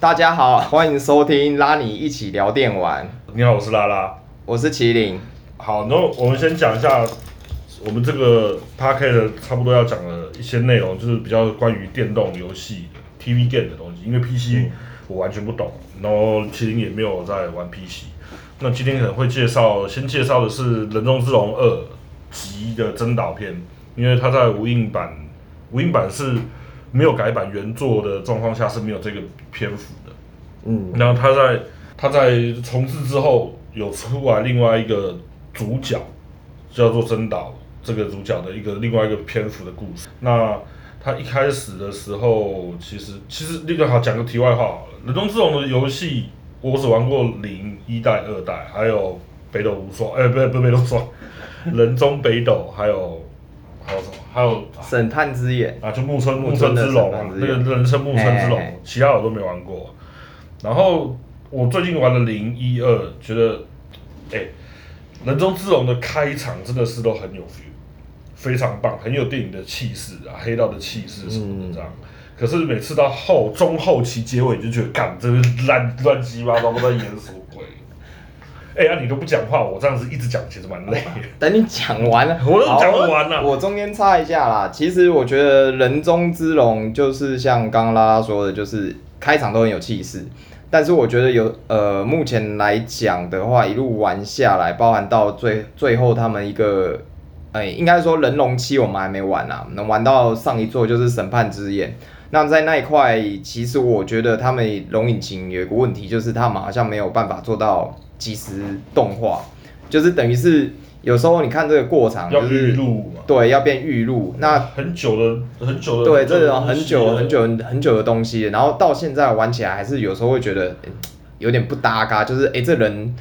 大家好，歡迎收聽拉你一起聊電玩。你好，我是拉拉，我是麒麟。好，那我們先講一下我們這個 Podcast 差不多要講的一些內容，就是比較關於電動遊戲 TV game 的東西，因為 PC 我完全不懂，嗯、然後麒麟也沒有在玩 PC。那今天可能會介紹，先介紹的是《人中之龍二》極的真島篇，因為它在無印版，無印版是。沒有改版原作的狀況下是沒有這個篇幅的，嗯，然後他在他在重置之後有出來另外一個主角叫做真島，這個主角的一個另外一個篇幅的故事。那他一開始的時候其實其實那個好講個題外話好了，人中之龍的遊戲我只玩過零一代、二代，還有北斗無雙，哎，不對不對北斗無雙， 人中北斗還有。還有什麼？還有《審、啊、判之眼》啊，就木村木村之龍、啊，那個人稱木村之龍，其他我都沒玩過。然後、嗯、我最近玩了零一二，覺得哎、欸，人中之龍的開場真的是都很有 feel，非常棒，很有電影的氣勢啊，黑道的氣勢什麼的這樣、嗯。可是每次到後中後期結尾，就覺得幹，這個亂亂七八糟的在嚴肅。哎、欸、呀，啊、你都不講話，我這樣子一直講，其實蠻累。等你講完了， 我都講不我完了、啊。我中間插一下啦，其實我覺得人中之龍就是像剛剛拉拉說的，就是開場都很有氣勢。但是我覺得有呃，目前來講的話，一路玩下來，包含到最最後他們一個，欸、應應該說人龍七我們還沒玩啊，能玩到上一作就是審判之眼。那在那一塊，其實我覺得他們龍引擎有一個問題，就是他們好像沒有辦法做到即時動畫、嗯，就是等於是有時候你看這個過場、就是、要預錄嘛，對，要變預錄，那很久的很久的對這種很久了、這個、很久很久，了很久的東西，的東西，然後到現在玩起來還是有時候會覺得、欸、有點不搭嘎、啊，就是哎、欸、這人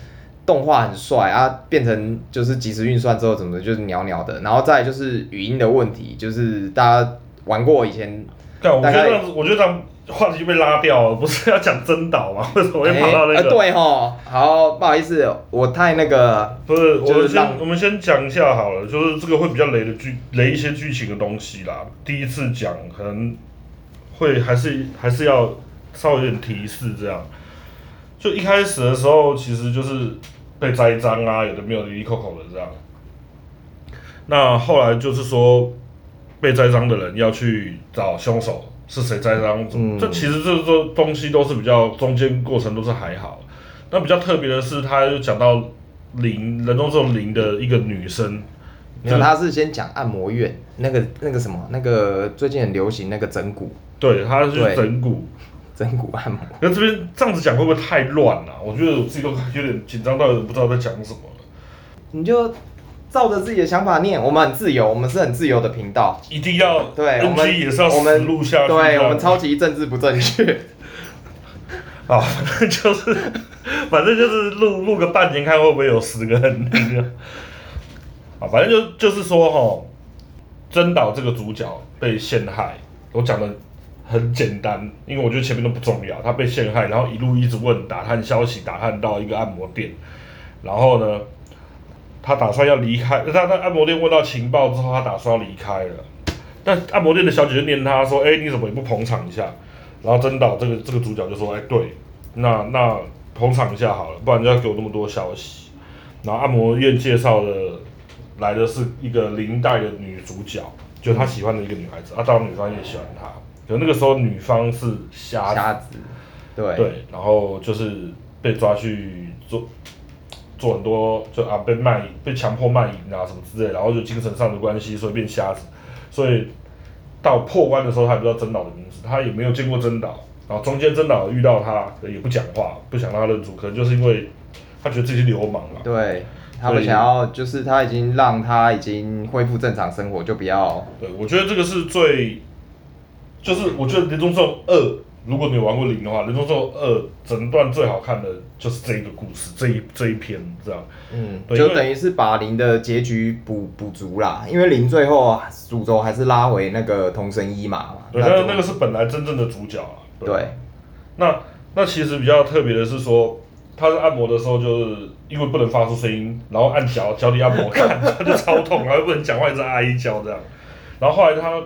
動畫很帥啊，變成就是即時運算之後怎麼就是鳥鳥的，然後再就是語音的問題，就是大家玩過以前。對、啊我，我覺得這我覺得這樣話題就被拉掉了，不是要講真島嗎？為什麼又跑到那個？欸呃、對哈，好，不好意思，我太那個。不是，就是、我們先我們先講一下好了，就是這個會比較雷的劇，雷一些劇情的東西啦。第一次講，可能會還是還是要稍微有點提示這樣。就一開始的時候，其實就是被栽贓啊，有的沒有零零扣扣的這樣。那後來就是說。被栽贓的人要去找兇手是誰栽贓，這其實這東西都是比較中間過程，都是還好。那比較特別的是，他又講到零，人中之龍零的一個女生。沒有，他是先講按摩院，那個那個什麼，那個最近很流行那個整骨。對，他是整骨，整骨按摩。那這邊這樣子講會不會太亂了啊？我覺得我自己都有點緊張，到底不知道在講什麼了。你就。照着自己的想法念，我們很自由，我們是很自由的頻道。一定要對，要，我們也是要，我們錄下，對，我們超級政治不正確啊、 就是，反正就是反正就是錄錄個半年，看會不會有十個啊， 反正就就是說吼、哦，真島這個主角被陷害，我講的很簡單，因為我覺得前面都不重要，他被陷害，然後一路一直問打探消息，打探到一個按摩店，然後呢？他打算要離開，他在按摩店問到情報之後，他打算要離開了。但按摩店的小姐就念他說：“哎、欸，你怎麼也不捧場一下？”然後真島、哦、這個這個主角就說：“哎、欸，對，那那捧場一下好了，不然就要給我那麼多消息。”然後按摩院介紹的來的是一個零代的女主角，就是他喜歡的一個女孩子、嗯，啊，當然女方也喜歡他。可那個時候女方是瞎子，瞎子對對，然後就是被抓去做。做很多，就啊被賣淫被強迫賣淫啊什麼之類，然後就精神上的關係，所以變瞎子，所以到破關的時候他還不知道真島的名字，他也沒有見過真島，然後中間真島遇到他也不講話，不想讓他認出，可能就是因為他覺得自己是流氓嘛。對，他們想要就是他已經讓他已經恢復正常生活就不要。對，我覺得這個是最，就是我覺得人中之龍二。如果你玩過零的話，你做《零重奏二》整段最好看的就是這一個故事，這一這一篇這樣。嗯，對，就等於是把零的結局補補足啦。因為零最後主軸還是拉回那個桐生一馬嘛。對，那那個是本來真正的主角啊。對。對那那其實比較特別的是說，他在按摩的時候就是因為不能發出聲音，然後按腳腳底按摩，看，他 就超痛，還不能講話，一直、呃、一叫這樣。然後後來他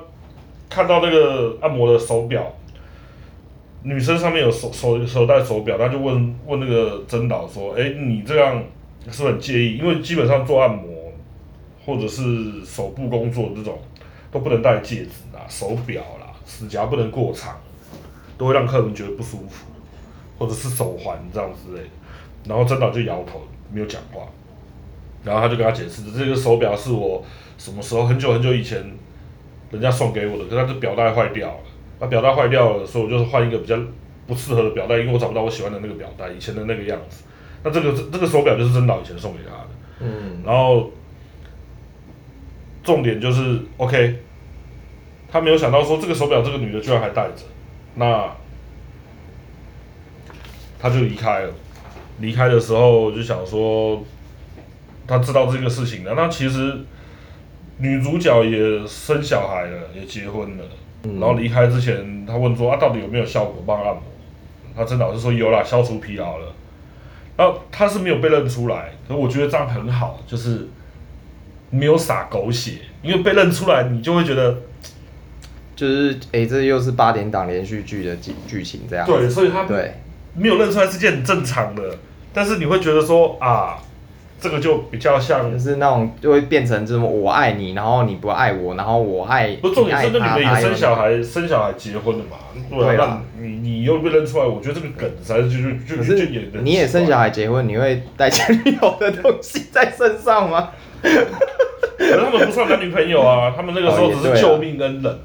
看到那個按摩的手表。女生上面有手手手戴手錶，他就問問那個曾導說：“哎、欸，你這樣是不是很介意？因為基本上做按摩，或者是手部工作這種，都不能戴戒指啦、手表啦、指甲不能過長，都會讓客人覺得不舒服，或者是手環這樣之類的。”然後曾導就搖頭，沒有講話。然後他就跟他解釋：“這個手表是我什麼時候很久很久以前人家送給我的，可是他表帶壞掉了。”把表帶壞掉了，所以我就是換一個比較不適合的表帶，因為我找不到我喜歡的那個表帶，以前的那個樣子。那這個這個手表就是真島以前送給他的，嗯。然後重點就是，OK，他沒有想到說這個手表這個女的居然還戴着，那他就離開了。離開的時候就想說，他知道這個事情了。那其實女主角也生小孩了，也結婚了。嗯，然後離開之前，他問說：“啊，到底有沒有效果？幫按摩。”他真的我是說：“有啦，消除疲勞了。”啊，然後他是沒有被認出來，我覺得這樣很好，就是沒有撒狗血。因為被認出來，你就會覺得，就是哎、欸，這又是八點檔連續劇的劇劇情這樣。對，所以他對沒有認出來是件很正常的，但是你會覺得說啊。這個就比較像，就是那種就會變成這種我愛你，然後你不愛我，然後我愛不重點是。是你們也生小孩，那個，生小孩結婚了嘛？對吧，啊啊，你你又被認出來，我覺得這個梗才是就，就，就是，就是的你也生小孩結婚，你會帶前女友的東西在身上嗎？可是他們不算男女朋友啊， 他們那個時候只是救命恩人。哦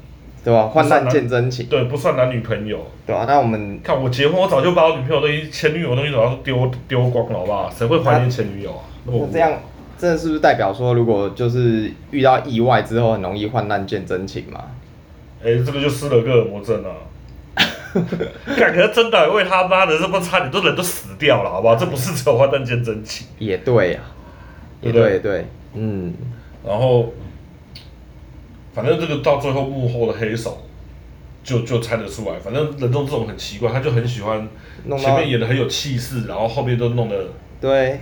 對吧、啊？患難見真情。對，不算男女朋友。對啊，那我們看我結婚，我早就把我女朋友的些前女友東西，都要丟丟光了，好不好？誰會懷念前女友啊？那這樣，這是不是代表說，如果就是遇到意外之後，很容易患難見真情嘛？哎、欸，這個就斯德哥爾摩症了。感 覺真的，因為他媽的這麼，這不差點都人都死掉了，好不好？這不是愁患難見真情。也對呀、啊，也對對，對，嗯，然後。反正這個到最後幕後的黑手就，就就猜得出來。反正人龍這種很奇怪，他就很喜歡前面演的很有氣勢，然後後面都弄得，對，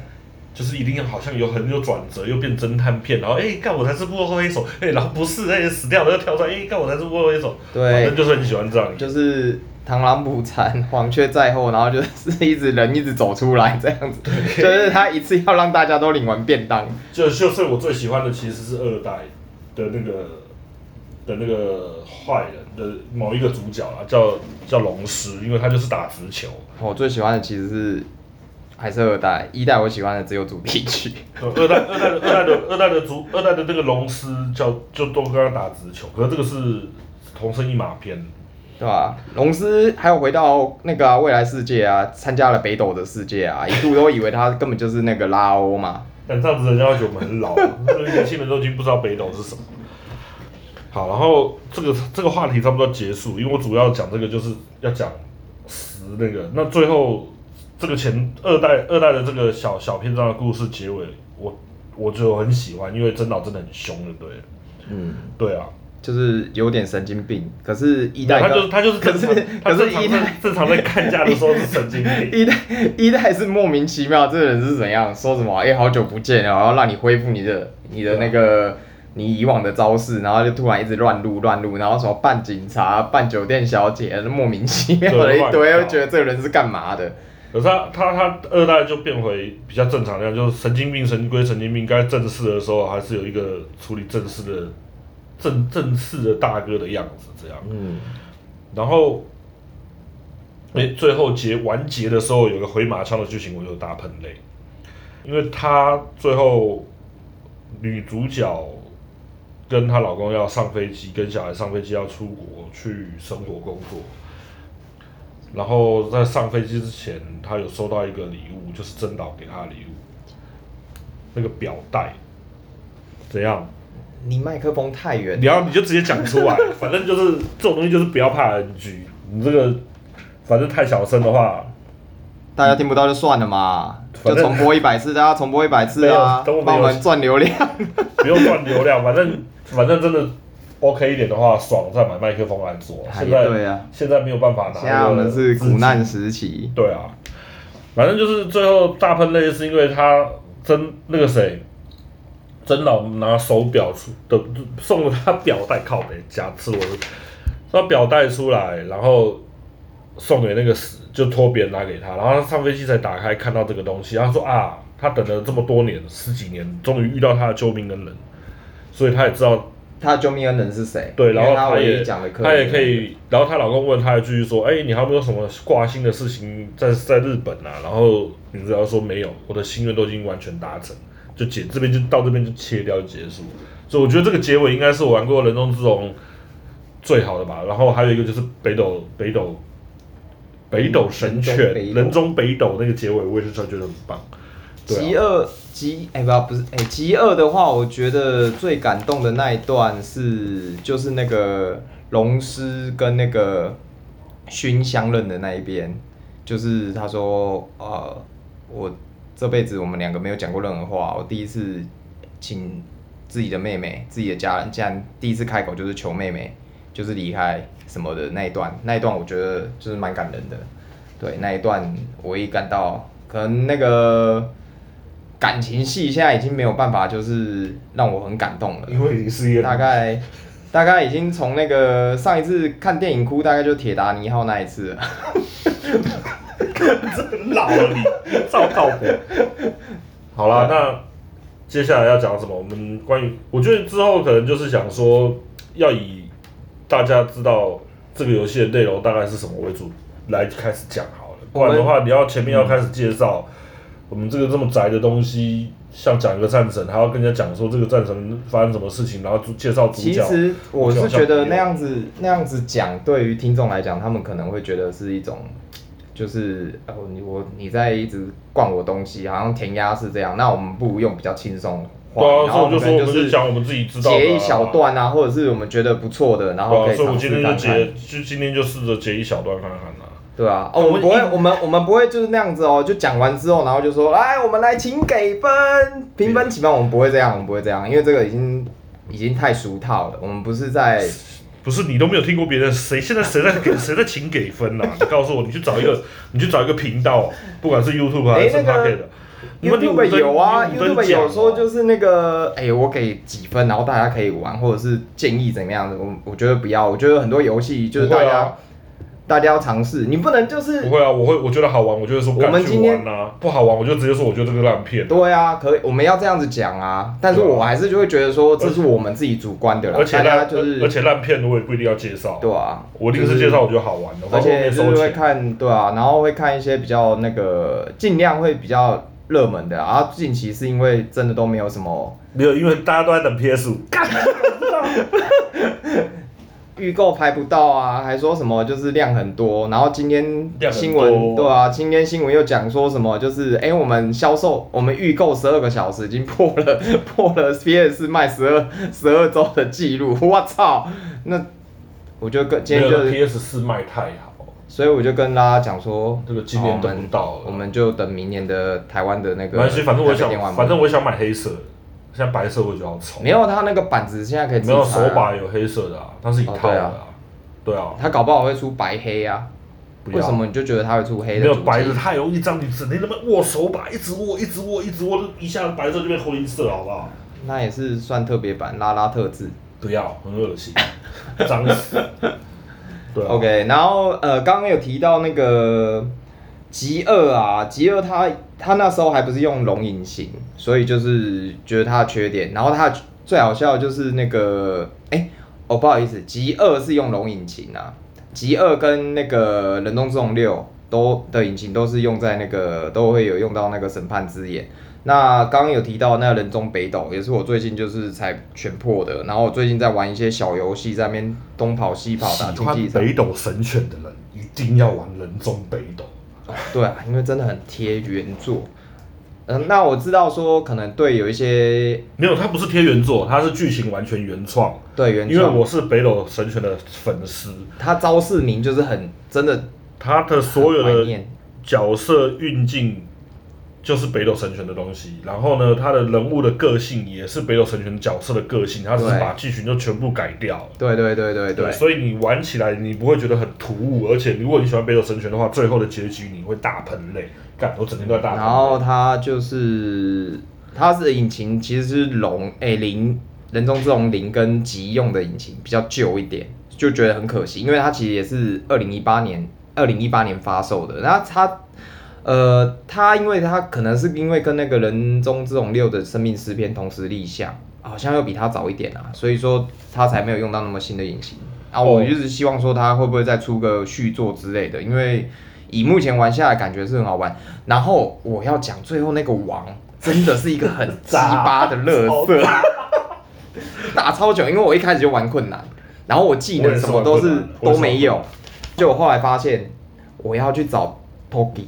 就是一定要好像有很有轉折，又變偵探片，然後哎、看、欸、我才是幕後黑手，哎、欸，然後不是，哎、欸、死掉了又跳出來，哎、欸，看我才是幕後黑手。對，反正就是很喜歡這樣，就是螳螂捕蟬，黃雀在後，然後就是一直人一直走出來這樣子，對，就是他一次要讓大家都領完便當。 就就是我最喜歡的其實是二代的那個。的那個壞人的某一個主角啊，叫叫龍司，因為他就是打直球。我、哦、最喜歡的其實是還是二代，一代我喜歡的只有主題曲。 二代二代的二代的二代的主二代的那個龍司叫就都跟他打直球。可是這個是桐生一馬篇，對吧、啊？龍司還有回到那個、啊、未來世界啊，參加了北斗的世界啊，一度都以為他根本就是那個拉歐嘛。 但這樣子人家就很老，年輕人基本都已經不知道北斗是什麼。好，然後這個這個話題差不多結束，因為我主要講這個就是要講十那個，那最後這個前二代二代的這個小小篇章的故事結尾，我我就很喜歡，因為真島真的很兇，對不對，嗯，對啊，就是有點神經病，可是一代他就，他就是他就是，可是可是一代他正常在幹架的時候是神經病， 一代一代是莫名其妙，這個人是怎樣，說什麼？哎，好久不見，然後讓你恢復你的你的那個。你以往的招式，然後就突然一直亂入亂入，然後什麼扮警察、扮酒店小姐，莫名其妙的一堆，又覺得這個人是幹嘛的？可是他他他，他二代就變回比較正常那樣，就是神經病、神歸神經病，該正式的時候還是有一個處理正事的正正式的大哥的樣子這樣。嗯，然後哎，最後結完結的時候有個回馬槍的劇情，我就大噴淚，因為他最後女主角。跟她老公要上飛機，跟小孩上飛機要出國去生活工作，然後在上飛機之前，她有收到一個禮物，就是真島給她的禮物，那個錶帶，怎樣？你麥克風太遠。你要你就直接講出來， 反正就是這種東西就是不要怕 NG，你這個反正太小聲的話，大家聽不到就算了嘛，就重播一百次，大家重播一百次啊沒等我沒，幫我們賺流量，不用賺流量，反正。反正真的 OK 一點的話，爽再買麥克風來做。現在對啊，現在沒有辦法拿。現在我們是苦難時期。對啊，反正就是最後大噴淚，是因為他真那個誰，真老拿手錶出的，送了他錶帶靠背假子，我說他錶帶出來，然後送給那個死，就托別人拿給他，然後他上飛機才打開看到這個東西，然後他說啊，他等了這麼多年，十幾年，終於遇到他的救命恩人。所以他也知道他救命恩人是誰，對，然後他也他，講他也可以，然後她老公問她，還繼續說，哎，你還有沒有什麼掛心的事情在在日本啊？然後女主角說沒有，我的心願都已經完全達成，就結，這邊就到這邊就切掉結束。所以我覺得這個結尾應該是我玩過人中之龍最好的吧。然後還有一個就是北斗北斗北斗神拳人，人中北斗那個結尾，我也是超覺得很棒。極惡、極哎，不不是，哎，極惡的話，我覺得最感動的那一段是就是那個龍司跟那個薰相認的那一邊，就是他說，呃，我這輩子我們兩個沒有講過任何話，我第一次請自己的妹妹、自己的家人，竟然第一次開口就是求妹妹就是離開什麼的那一段，那一段我覺得就是蠻感人的。對，那一段，我一感到可能那個。感情戲現在已經沒有辦法，就是讓我很感動了。因為已經失業了。大概大概已經從那個上一次看電影哭，大概就《鐵達尼號》那一次了 這。真老啊，你照套譜。好了，那接下來要講什麼？我們關於我覺得之後可能就是想說，要以大家知道這個遊戲的內容大概是什麼為主來開始講好了。不然的話，你要前面要開始介紹。嗯。我們這個這麼宅的東西，像講一個戰神，還要跟人家講說這個戰神發生什麼事情，然後介紹主角。其實我是覺得那樣子那樣子講，對於聽眾來講，他們可能會覺得是一種，就是哦你我你在一直灌我東西，好像填鴨式這樣。那我們不如用比較輕鬆的話，然後可能就是講我們自己知道，截一小段啊，或者是我們覺得不錯的，然後可以嘗試看看。就今天就試着截一小段看看啊。對啊，哦，們我們不會，我們我們不會就是那樣子哦，就講完之後，然後就說，來，我們來請給分，評分，起碼我們不會這樣，我們不會這樣，因為這個已經已經太俗套了。我們不是在，不是你都沒有聽過別人誰現在誰在給誰 在請給分了、啊？你告訴我，你去找一個，你去找一個頻道、哦，不管是 YouTube 還是他給的。YouTube 有啊，啊，YouTube 有說就是那個，哎、欸，我給幾分，然後大家可以玩，或者是建議怎麼樣的。我我覺得不要，我覺得很多遊戲就是大家。大家要嘗試，你不能就是不會啊！我會，我覺得好玩，我就說我敢去玩啊。不好玩，我就直接說，我覺得這個爛片、啊。對啊，可以，我們要這樣子講啊。但是我還是就會覺得說，這是我們自己主觀的啦。而且大家就是，而且爛片我也不一定要介紹。對啊，我臨時介紹我覺得好玩的，啊就是，而且就會看對啊，然後會看一些比較那個，盡量會比較熱門的，啊。然後近期是因為真的都沒有什麼，沒有，因為大家都在等 PS5。 預購排不到啊，還說什麼就是量很多，然後今天新聞，對啊，今天新聞又講說什麼就是誒、欸、我們銷售我們預購十二個小時已經破了破了 PS4 賣十二十二周的記錄，我操！那我就跟今天就是 PS4 賣太好，所以我就跟大家講說這個今年等不到了，我們就等明年的台灣的那個。沒關係，反正我，玩玩我想，反正我想買黑色。現在白色會比較醜。沒有，它那個板子現在可以。啊、沒有手把有黑色的，啊，但是一套的。對啊。對啊。它搞不好會出白黑啊。不要。為什麼你就覺得它會出黑的？沒有，白的太容易髒，你整天他媽握手把，一直握，一直握，一直握，一，握一，握一下子白色就變灰色好不好？那也是算特別版，拉拉特製。不要，很噁心，髒 髒死。 對、啊。OK，然後呃，剛剛有提到那個。極二啊，極二他他那時候還不是用龍引擎，所以就是覺得他的缺點。然後他最好笑的就是那個，哎、欸、哦不好意思，極二是用龍引擎啊。極二跟那個人中之龍六都的引擎都是用在那個，都會有用到那個審判之眼。那剛剛有提到那個人中北斗也是我最近就是才全破的。然後我最近在玩一些小遊戲，在那邊東跑西跑打競技，喜歡北斗神拳的人一定要玩人中北斗。對啊，因為真的很貼原作，嗯，那我知道說可能對有一些沒有，它不是貼原作，它是劇情完全原創。對，原創，因為我是北斗神拳的粉絲，他招式名就是很真的很，他的所有的角色運鏡。就是北斗神拳的東西，然後呢，他的人物的個性也是北斗神拳角色的個性，他是把劇情就全部改掉了。對對對對對，對，對。所以你玩起來你不會覺得很突兀，而且如果你喜歡北斗神拳的話，最後的結局你會大噴淚。幹，我整天都在大噴。然後它就是，它是引擎其實是龍誒，零人中之龍零跟極用的引擎比較舊一點，就覺得很可惜，因為它其實也是二零一八年二零一八年發售的，然後它。它呃，他因為他可能是因為跟那個《人中之龍六》的生命詩篇同時立項，好像又比他早一點啊，所以說他才沒有用到那麼新的引擎、嗯、啊。我就是希望說他會不會再出個續作之類的，因為以目前玩下來感覺是很好玩。然後我要講最後那個王真的是一個很雞巴的樂色， 打超久，因為我一開始就玩困難，然後我技能什麼都是都沒有，就我後來發現我要去找托吉。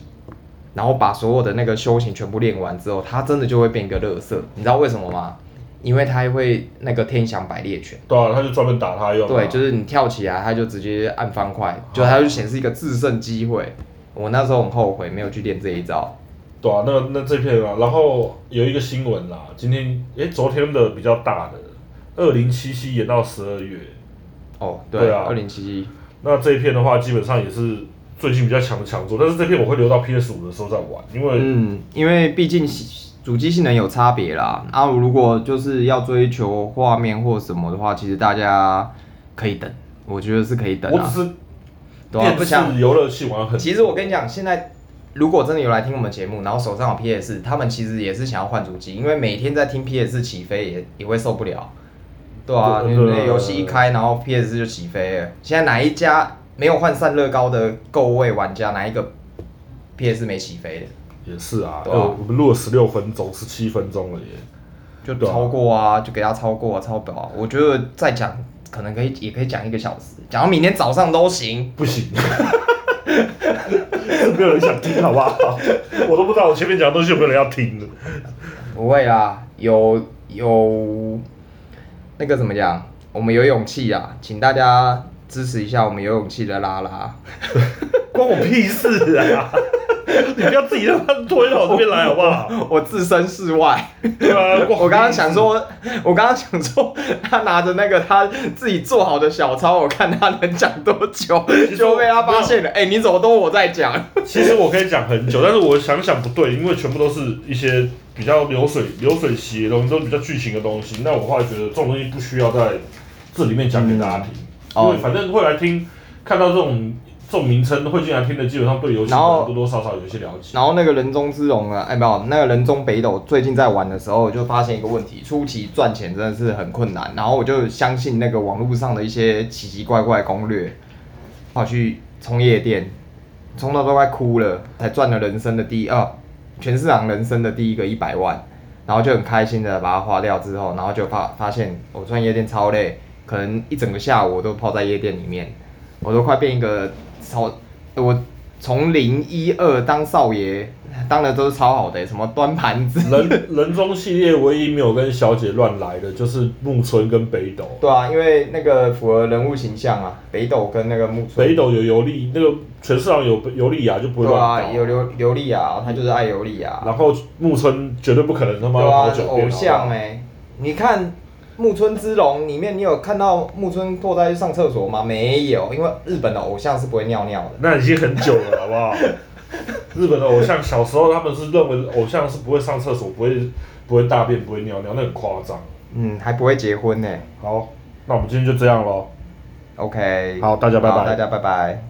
然後把所有的那個修行全部練完之後，他真的就會變一個樂色，你知道為什麼嗎？因為他會那個天翔百獵拳，對、啊，他就專門打他用、啊。對，就是你跳起來，他就直接按方塊，就他就顯示一個制勝機會。我那時候很後悔沒有去練這一招。對啊，那那這片啊，然後有一個新聞啦、啊，今天哎，昨天的比較大的，二零七七延到十二月。哦，對，對啊，二零七七。那這一片的話，基本上也是。最近比較強的強作，但是這片我會留到 PS 五的時候再玩，因為嗯，因為畢竟主機性能有差別啦。啊，如果就是要追求畫面或什麼的話，其實大家可以等，我覺得是可以等，啊。我只是，對、啊、不想遊樂器玩很。其實我跟你講，現在如果真的有來聽我們節目，然後手上有 PS，他們其實也是想要換主機，因為每天在聽 PS 起飛也也會受不了。對啊，那遊戲一開，然後 PS 就起飛了。現在哪一家？沒有換散熱膏的各位玩家，哪一個 PS 沒起飛的？也是啊，欸、我，我們錄了十六分鐘，十七分鐘了耶，就超過啊，就給他超過啊，超表啊！我覺得再講可能可以，也可以講一個小時，講到明天早上都行。不行， 沒有人想聽，好不好？ 我都不知道我前面講的東西有沒有人要聽的。 不會啦，有有那個怎麼講？我們有勇氣啊，請大家。支持一下我們有勇氣的拉拉，關我屁事啊！ 你不要自己讓他推到我這邊來好不好？我置身事外。啊、我剛剛想說，我剛剛想說，他拿着那個他自己做好的小抄，我看他能講多久就被他發現了。哎、欸，你怎麼都我在講？其實我可以講很久， 但是我想想不對，因為全部都是一些比較流水流水席東西，都比較劇情的東西。那我後來覺得這種東西不需要在這裡面講給大家聽。嗯嗯因為反正會來聽，看到這種這種名稱會進來聽的，基本上對遊戲多多少少有一些了解。然後那個人中之龍啊，哎、欸、沒有，那個人中北斗最近在玩的時候，就發現一個問題，初期賺錢真的是很困難。然後我就相信那個網絡上的一些奇奇怪怪攻略，跑去充夜店，充到都快哭了，才賺了人生的第二、啊，全市場人生的第一個一百萬，然後就很開心的把它花掉之後，然後就發發現我賺夜店超累。可能一整個下午我都泡在夜店裡面，我都快變一個超我從零一二當少爺當的都是超好的、欸，什麼端盤子。人人中系列唯一沒有跟小姐亂來的就是木村跟北斗。對啊，因為那個符合人物形象啊。北斗跟那個木村。北斗有尤莉那個，拳四郎有尤莉亞就不會亂搞。對啊，有尤尤莉亞，他就是愛尤莉亞。然後木村絕對不可能他媽跑酒店、啊、偶像哎、欸，你看。木村之龍裡面，你有看到木村拓哉去上廁所嗎？沒有，因為日本的偶像是不會尿尿的。那已經很久了， 好不好？日本的偶像小時候他們是認為偶像是不會上廁所、不會不會大便、不會尿尿，那很誇張。嗯，還不會結婚呢、欸。好，那我們今天就這樣咯。OK 好，大家拜拜。好，大家拜拜。大家拜拜。